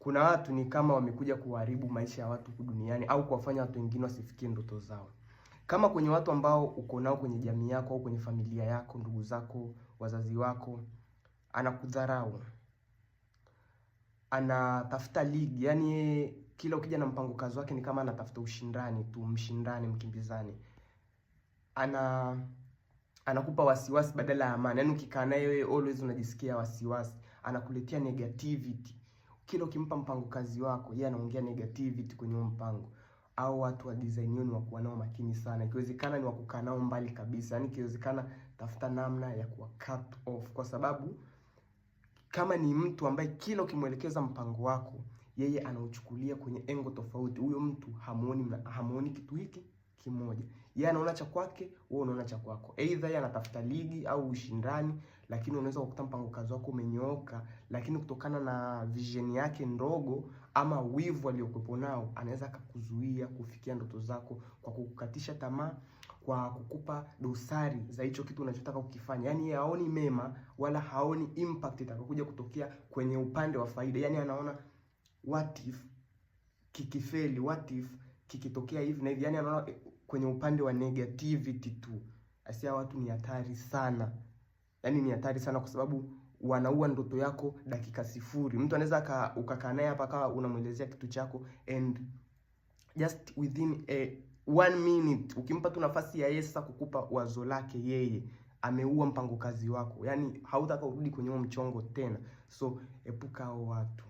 kuna watu ni kama wamekuja kuharibu maisha ya watu duniani au kuwafanya watu wengine wasifikie ndoto zao. Kama kwenye watu ambao uko nao kwenye jamii yako au kwenye familia yako, ndugu zako, wazazi wako, anakudharau, anatafuta ligi, yani kila ukija na mpango kazi wake ni kama anatafuta ushindani tu, mshindani, mkimbizani, ana anakupa wasiwasi badala ya amani. Yani ukikaa naye wewe always unajisikia wasiwasi, anakuletea negativity kila ukimpa mpango kazi wako yeye anaongea negativity kwenye mpango au watu wa design yenu wa kuwa nao makini sana. Ikiwezekana ni wakukaa nao mbali kabisa, yani ikiwezekana tafuta namna ya kuwa cut off, kwa sababu kama ni mtu ambaye kila ukimwelekeza mpango wako yeye anauchukulia kwenye engo tofauti, huyo mtu hamuoni, hamuoni kitu hiki kimoja. Yeye anaona cha kwake, wewe unaona cha kwako. Aidha yeye anatafuta ligi au ushindani, lakini unaweza kukuta mpango kazi wako umenyooka, lakini kutokana na vision yake ndogo ama wivu aliyokuwepo nao, anaweza akakuzuia kufikia ndoto zako kwa kukukatisha tamaa, kwa kukupa dosari za hicho kitu unachotaka kukifanya. Yaani yeye haoni mema wala haoni impact itakayokuja kutokea kwenye upande wa faida. Yaani anaona what if kikifeli, what if kikitokea hivi na hivi, yani anaona kwenye upande wa negativity tu. Asia watu ni hatari sana, yaani ni hatari sana kwa sababu wanaua ndoto yako dakika sifuri. Mtu anaweza ukakaa naye hapa kawa unamwelezea kitu chako and just within a one minute, ukimpa tu nafasi ya yeye sasa kukupa wazo lake yeye ameua mpango kazi wako, yaani hautaka urudi kwenye huo mchongo tena. So epuka hao watu.